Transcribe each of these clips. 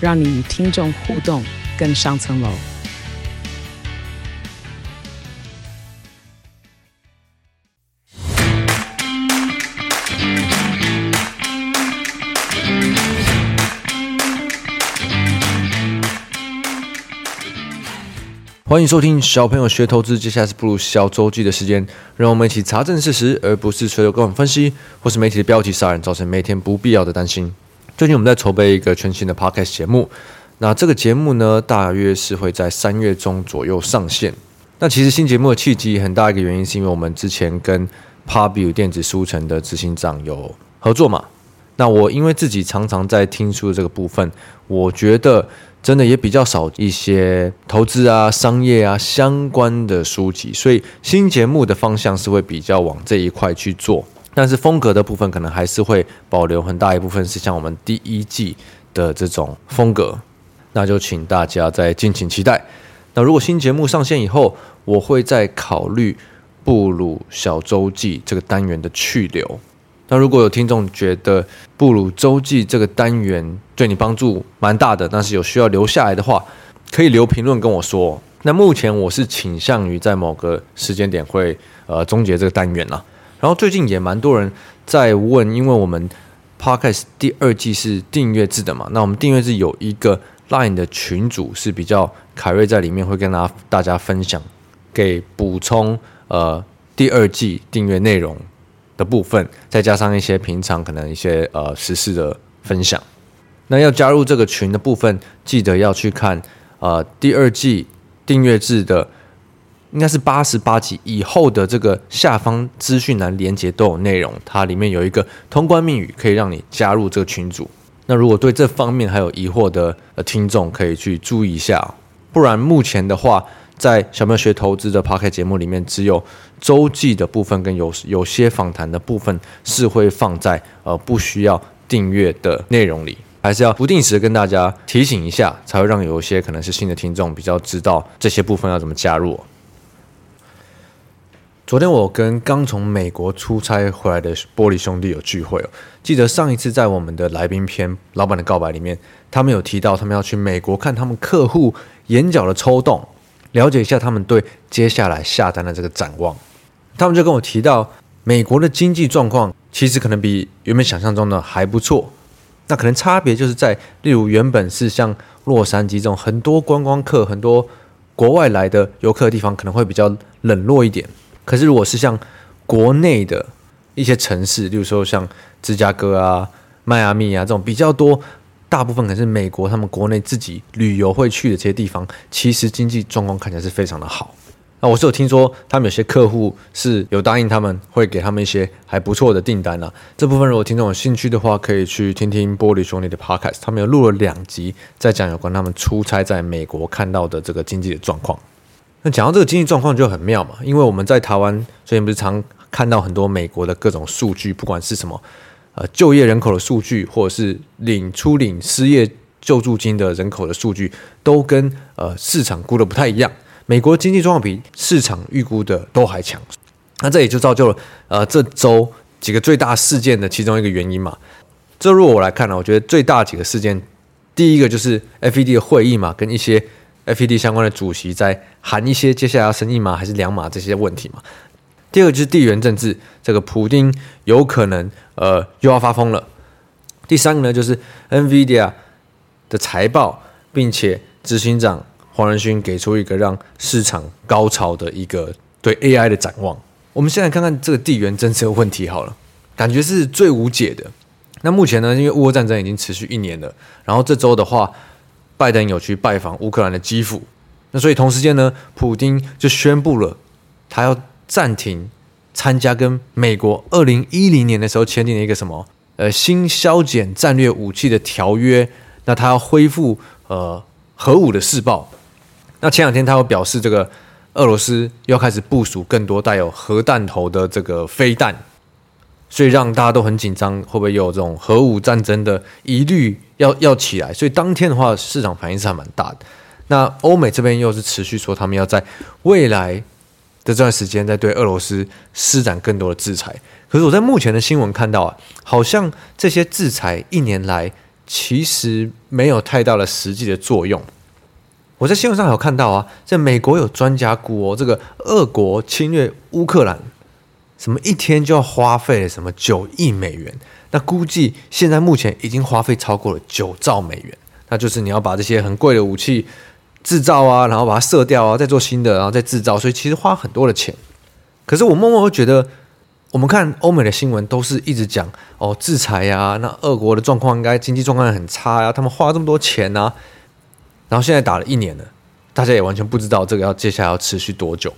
讓你與聽眾互動更上層樓。歡迎收聽《小朋友學投資》，接下來是不魯小週記的時間。讓我們一起查證事實，而不是隨著金融圈的分析，或是媒體的標題殺人，造成每天不必要的擔心。最近我們在籌備一個全新的 Podcast 節目，那這個節目呢，大約是會在三月中左右上線。那其實新節目的契機很大一個原因，是因為我們之前跟 Pubu 電子書城的執行長有合作嘛。那我因為自己常常在聽書的這個部分，我覺得真的也比較少一些投資啊、商業啊相關的書籍，所以新節目的方向是會比較往這一塊去做。但是風格的部分可能還是會保留很大一部分，是像我們第一季的這種風格。那就請大家再敬請期待。那如果新節目上線以後，我會再考慮不魯小週記這個單元的去留。那如果有聽眾覺得不魯週記這個單元對你幫助蠻大的，但是有需要留下來的話，可以留評論跟我說。那目前我是傾向於在某個時間點會呃終結這個單元了，啊。然後最近也蠻多人在問，因為我們 podcast 第二季是訂閱制的嘛，那我們訂閱制有一個 line 的群組是比較凱瑞在裡面會跟大家大家分享，給補充呃第二季訂閱內容的部分，再加上一些平常可能一些呃時事的分享。那要加入這個群的部分，記得要去看呃第二季訂閱制的。應該是八十八集以後的這個下方資訊欄鏈接都有內容，它裡面有一個通關密語，可以讓你加入這個群組。那如果對這方面還有疑惑的呃聽眾，可以去注意一下哦。不然目前的話，在小朋友學投資的 Podcast 節目裡面，只有週記的部分跟有有些訪談的部分是會放在呃不需要訂閱的內容裡，還是要不定時的跟大家提醒一下，才會讓有一些可能是新的聽眾比較知道這些部分要怎麼加入。昨天我跟剛從美國出差回來的玻璃兄弟有聚會哦。記得上一次在我們的來賓篇《老闆的告白》裡面，他們有提到他們要去美國看他們客戶眼角的抽動，了解一下他們對接下來下單的這個展望。他們就跟我提到，美國的經濟狀況其實可能比原本想象中的還不錯。那可能差別就是在，例如原本是像洛杉磯這種很多觀光客、很多國外來的遊客的地方，可能會比較冷落一點。可是，如果是像國內的一些城市，例如說像芝加哥啊、邁阿密啊這種比較多，大部分可能是美國他們國內自己旅遊會去的這些地方，其實經濟狀況看起來是非常的好。那我是有聽說他們有些客戶是有答應他們會給他們一些還不錯的訂單呢啊。這部分如果聽眾有興趣的話，可以去聽聽玻璃兄弟的 Podcast，他們有錄了兩集在講有關他們出差在美國看到的這個經濟的狀況。那講到這個經濟狀況就很妙嘛，因為我們在台灣最近不是常看到很多美國的各種數據，不管是什麼呃就業人口的數據，或者是領初領失業救助金的人口的數據，都跟呃市場估的不太一樣。美國經濟狀況比市場預估的都還強，那這也就造就了呃這周幾個最大事件的其中一個原因嘛。這如果我來看呢、啊，我覺得最大幾個事件，第一個就是 FED 的會議嘛，跟一些。FED 相關的主席在喊一些接下來要升一碼還是兩碼這些問題嘛？第二個就是地緣政治，這個普丁有可能呃又要發瘋了。第三個呢就是 NVIDIA 的財報，並且執行長黃仁勳給出一個讓市場高潮的一個對 AI 的展望。我們先來看看這個地緣政治的問題好了，感覺是最無解的。那目前呢，因為烏俄戰爭已經持續一年了，然後這周的話。拜登有去拜訪烏克蘭的基輔，那所以同時間呢，普丁就宣布了，他要暫停參加跟美國二零一零年的時候簽訂的一個什麼呃新削減戰略武器的條約，那他要恢復呃核武的試爆。那前兩天他又表示，這個俄羅斯要開始部署更多帶有核彈頭的這個飛彈。所以讓大家都很緊張，會不會又有這種核武戰爭的疑慮要要起來？所以當天的話，市場反應是還蠻大的。那歐美這邊又是持續說他們要在未來的這段時間，在對俄羅斯施展更多的制裁。可是我在目前的新聞看到啊，好像這些制裁一年來其實沒有太大的實際的作用。我在新聞上有看到啊，在美國有專家估哦，這個俄國侵略烏克蘭，什麼一天就要花費什麼九億美元？那估計現在目前已經花費超過了九兆美元。那就是你要把這些很貴的武器制造啊，然後把它射掉啊，再做新的，然後再制造，所以其實花很多的錢。可是我默默會覺得，我們看歐美的新聞都是一直講哦，制裁呀、啊，那俄國的狀況應該經濟狀況很差呀、啊，他們花了這麼多錢啊，然後現在打了一年了，大家也完全不知道這個要接下來要持續多久。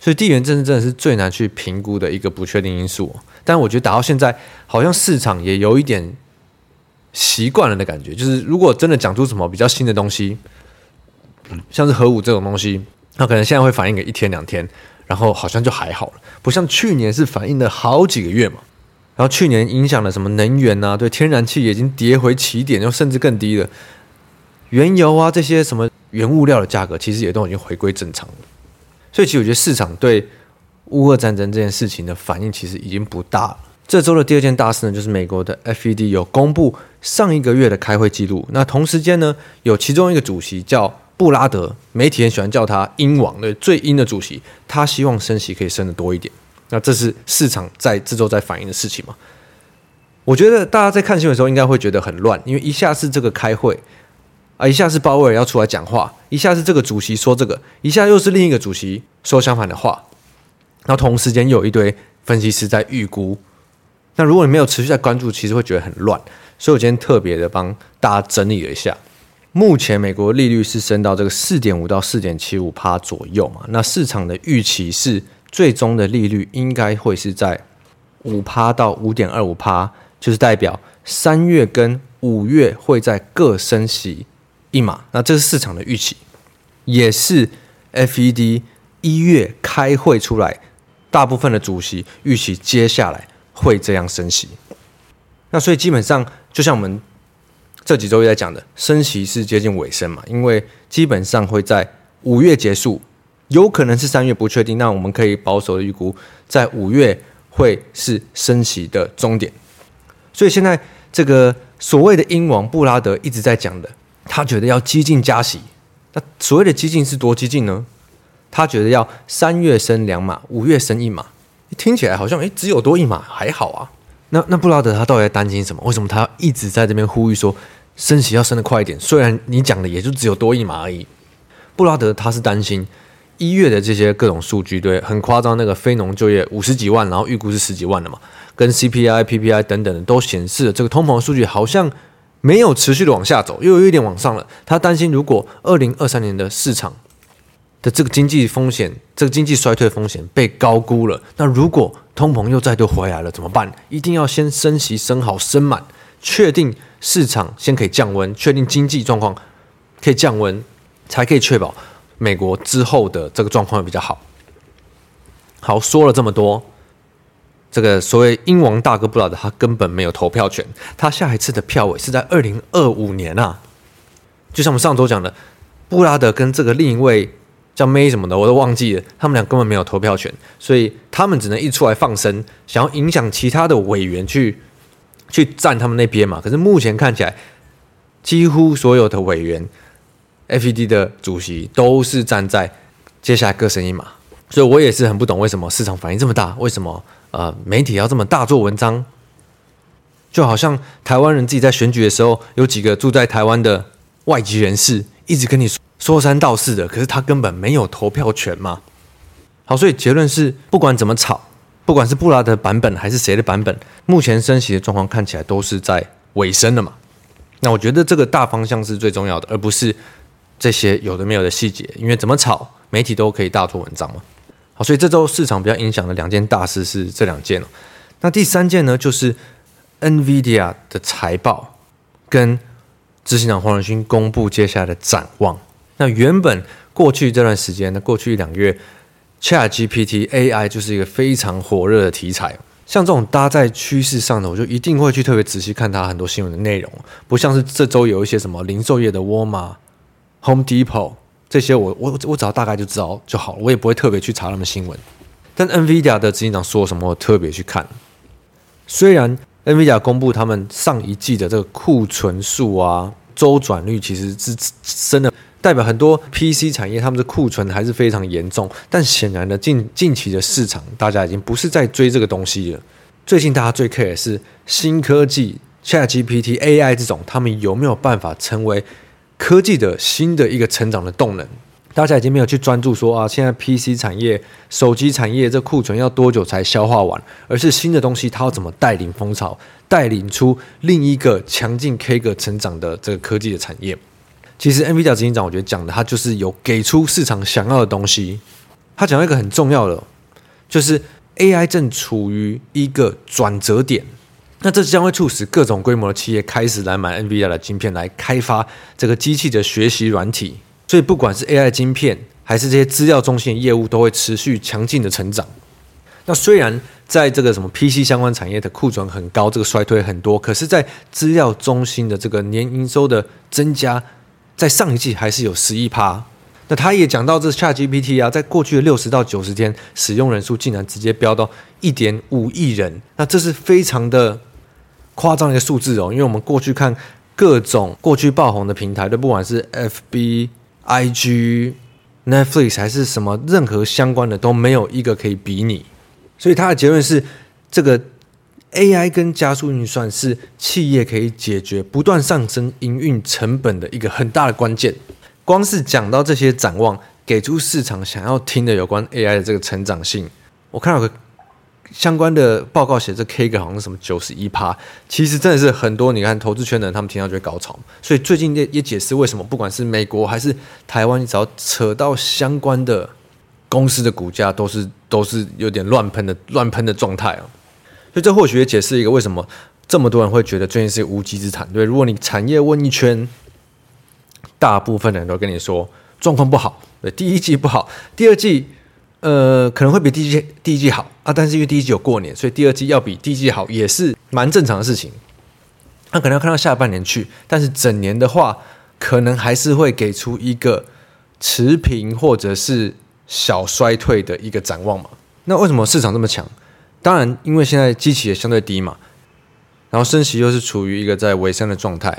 所以地緣政治真的是最難去評估的一個不確定因素哦，但我覺得打到現在，好像市場也有一點習慣了的感覺。就是如果真的講出什麼比較新的東西，像是核武這種東西，那可能現在會反應個一天兩天，然後好像就還好了。不像去年是反應了好幾個月嘛，然後去年影響了什麼能源啊，對天然氣已經跌回起點，又甚至更低了，原油啊，這些什麼原物料的價格，其實也都已經回歸正常了。所以，其實我覺得市場對烏俄戰爭這件事情的反應其實已經不大了。這週的第二件大事呢，就是美國的 FED 有公布上一個月的開會記錄。那同時間呢，有其中一個主席叫布拉德，媒體很喜歡叫他“鷹王”，對，最鷹的主席，他希望升息可以升得多一點。那這是市場在這週在反應的事情嘛？我覺得大家在看新聞的時候，應該會覺得很亂，因為一下是這個開會。啊！一下是鮑威爾要出來講話，一下是這個主席說這個，一下又是另一個主席說相反的話，然後同時間又有一堆分析師在預估。那如果你沒有持續在關注，其實會覺得很亂。所以我今天特別的幫大家整理了一下。目前美國利率是升到這個四點五到四點七五趴左右嘛？那市場的預期是最終的利率應該會是在五趴到五點二五趴，就是代表三月跟五月會在各升息。一碼，那這是市場的預期，也是 FED 一月開會出來，大部分的主席預期接下來會這樣升息。那所以基本上，就像我們這幾周在講的，升息是接近尾聲嘛？因為基本上會在五月結束，有可能是三月不確定。那我們可以保守的預估，在五月會是升息的終點。所以現在這個所謂的鷹王布拉德一直在講的。他覺得要激進加息，那所謂的激進是多激進呢？他覺得要三月升兩碼，五月升一碼，聽起來好像誒、欸，只有多一碼還好啊。那那布拉德他到底在擔心什麼？為什麼他一直在這邊呼籲說升息要升得快一點？雖然你講的也就只有多一碼而已，布拉德他是擔心一月的這些各種數據，對，很誇張，那個非農就業五十幾萬，然後預估是十幾萬的嘛，跟 CPI、PPI 等等的都顯示了這個通膨數據好像。沒有持續的往下走，又有一點往上了。他擔心，如果二零二三年的市場的這個經濟風險、這個經濟衰退風險被高估了，那如果通膨又再度回來了怎麼辦？一定要先升息升好升滿，確定市場先可以降溫，確定經濟狀況可以降溫，才可以確保美國之後的這個狀況會比較好。好，說了這麼多。這個所謂英王大哥布拉德，他根本沒有投票權。他下一次的票委是在二零二五年啊。就像我們上周講的，布拉德跟這個另一位叫 May 什麼的，我都忘記了，他們倆根本沒有投票權，所以他們只能一出來放聲，想要影響其他的委員去去站他們那邊嘛。可是目前看起來，幾乎所有的委員 FED 的主席都是站在接下來各生意嘛，所以我也是很不懂為什麼市場反應這麼大，為什麼？呃，媒體要這麼大做文章，就好像台灣人自己在選舉的時候，有幾個住在台灣的外籍人士一直跟你說說三道四的，可是他根本沒有投票權嘛。好，所以結論是，不管怎麼吵，不管是布拉德版本還是誰的版本，目前升息的狀況看起來都是在尾聲了嘛。那我覺得這個大方向是最重要的，而不是這些有的沒有的細節，因為怎麼吵，媒體都可以大做文章嘛。好，所以這週市場比較影響的兩件大事是這兩件哦。那第三件呢，就是 NVIDIA 的財報跟執行長黃仁勳公布接下來的展望。那原本過去這段時間，那過去一兩個月，ChatGPT AI 就是一個非常火熱的題材。像這種搭在趨勢上的，我就一定會去特別仔細看它很多新聞的內容。不像是這週有一些什麼零售業的 Walmart Home Depot。這些我我我只要大概就知道就好了，我也不會特別去查他們新聞。但 NVIDIA 的執行長說什麼我特別去看？雖然 NVIDIA 公布他們上一季的這個庫存數啊、週轉率，其實是升的，代表很多 PC 產業他們的庫存還是非常嚴重。但顯然呢，近近期的市場大家已經不是在追這個東西了。最近大家最 care 的是新科技，ChatGPT、AI 這種，他們有沒有辦法成為科技的新的一個成長的動能，大家已經沒有去專注說啊，現在 PC 產業、手機產業這庫存要多久才消化完，而是新的東西它要怎麼帶領風潮，帶領出另一個強勁 K 個成長的這個科技的產業。其實 NVIDIA 執行長我覺得講的，他就是有給出市場想要的東西，他講到一個很重要的，就是 A I 正處於一個轉折點。那這將會促使各種規模的企業開始來買 NVIDIA 的晶片來開發這個機器的學習軟體，所以不管是 AI 晶片還是這些資料中心的業務都會持續強勁的成長。那雖然在這個什麼 PC 相關產業的庫存很高，這個衰退很多，可是在資料中心的這個年營收的增加，在上一季還是有十一趴。那他也講到這 ChatGPT 啊，在過去的六十到九十天，使用人數竟然直接飆到一點五億人，那這是非常的。誇張一個數字哦，因為我們過去看各種過去爆紅的平台，都不管是 F B、I G、Netflix 還是什麼，任何相關的都沒有一個可以比擬。所以他的結論是，這個 A I 跟加速運算是企業可以解決不斷上升營運成本的一個很大的關鍵。光是講到這些展望，給出市場想要聽的有關 A I 的這個成長性，我看到有個。相關的報告寫這 K 個好像是什麼九十一趴，其實真的是很多。你看投資圈的人，他們聽到就會高潮。所以最近也也解釋為什麼，不管是美國還是台灣，只要扯到相關的公司的股價，都是都是有點亂噴的亂噴的狀態啊。所以這或許也解釋一個為什麼這麼多人會覺得最近是無稽之談。對，如果你產業問一圈，大部分人都跟你說狀況不好，對，第一季不好，第二季。呃，可能會比第一季第一季好啊，但是因為第一季有過年，所以第二季要比第一季好也是蠻正常的事情。那可能要看到下半年去，但是整年的話，可能還是會給出一個持平或者是小衰退的一個展望嘛。那為什麼市場這麼強？當然，因為現在基期也相對低嘛，然後升息又是處於一個在尾聲的狀態，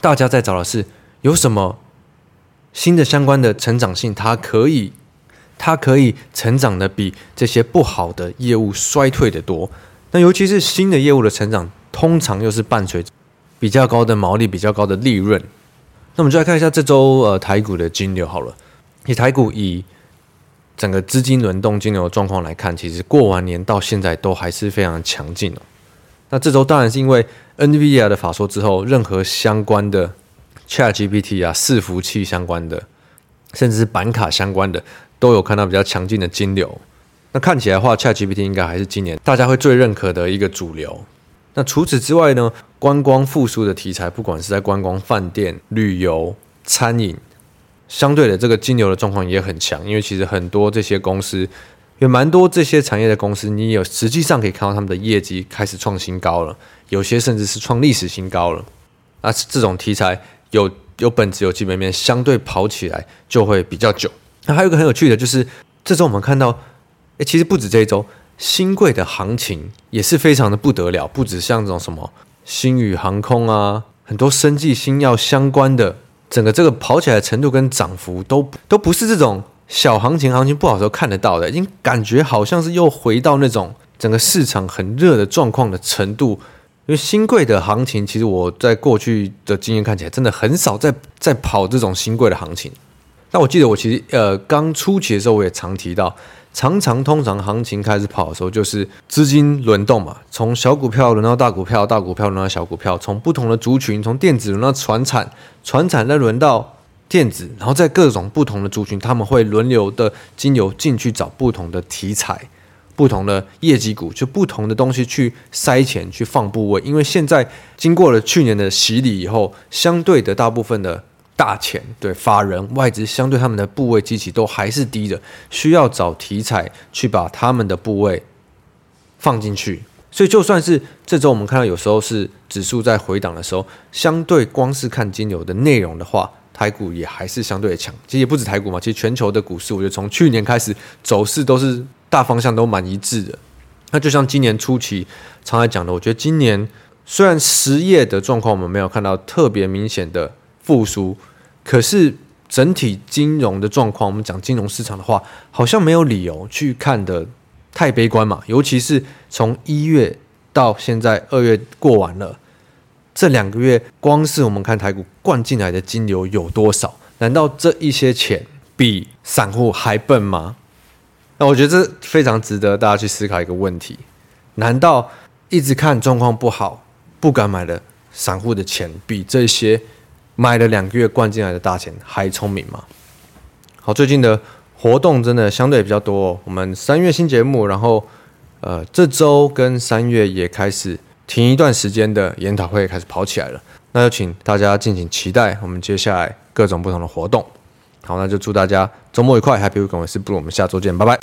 大家在找的是有什麼新的相關的成長性，它可以。它可以成長得比這些不好的業務衰退得多，那尤其是新的業務的成長，通常又是伴隨比較高的毛利、比較高的利潤。那我們就來看一下這週呃台股的金流好了。以台股以整個資金輪動金流的狀況來看，其實過完年到現在都還是非常強勁哦，那這週當然是因為 NVIDIA 的法說之後，任何相關的 ChatGPT 啊、伺服器相關的，甚至是板卡相關的。都有看到比較強勁的金流，那看起來的話，ChatGPT 應該還是今年大家會最認可的一個主流。那除此之外呢，觀光復甦的題材，不管是在觀光飯店、旅遊、餐飲，相對的這個金流的狀況也很強，因為其實很多這些公司，有蠻多這些產業的公司，你有實際上可以看到他們的業績開始創新高了，有些甚至是創歷史新高了。那這種題材有有本質有基本面，相對跑起來就會比較久。那還有一個很有趣的，就是這週我們看到，誒，其實不止這一周，興櫃的行情也是非常的不得了，不止像這種什麼星宇航空啊，很多生技新藥相關的，整個這個跑起來的程度跟漲幅都都不是這種小行情、行情不好的時候看得到的，已經感覺好像是又回到那種整個市場很熱的狀況的程度。因為興櫃的行情，其實我在過去的經驗看起來，真的很少在在跑這種興櫃的行情。但我記得我其實呃剛初期的時候，我也常提到，常常通常行情開始跑的時候，就是資金輪動嘛，從小股票輪到大股票，大股票輪到小股票，從不同的族群，從電子輪到傳產，傳產再輪到電子，然後在各種不同的族群，他們會輪流的金流進去找不同的題材、不同的業績股，就不同的東西去塞錢去放部位，因為現在經過了去年的洗禮以後，相對的大部分的。大錢對法人外資相對他們的部位基期都還是低的，需要找題材去把他們的部位放進去。所以就算是這周我們看到有時候是指數在回檔的時候，相對光是看金流的內容的話，台股也還是相對強。其實也不止台股嘛，其實全球的股市，我覺得從去年開始走勢都是大方向都蠻一致的。那就像今年初期常來講的，我覺得今年雖然失業的狀況我們沒有看到特別明顯的。復甦，可是整體金融的狀況，我們講金融市場的話，好像沒有理由去看得太悲觀嘛。尤其是從一月到現在二月過完了，這兩個月光是我們看台股灌進來的金流有多少？難道這一些錢比散戶還笨嗎？那我覺得這非常值得大家去思考一個問題：難道一直看狀況不好不敢買的散戶的錢比這些？買了兩個月灌進來的大錢還聰明嗎？好，最近的活動真的相對比較多哦。我們三月新節目，然後呃，這周跟三月也開始停一段時間的研討會，開始跑起來了。那就請大家敬請期待我們接下來各種不同的活動。好，那就祝大家周末愉快，Happy Weekend！我是不魯，我們下周見，拜拜。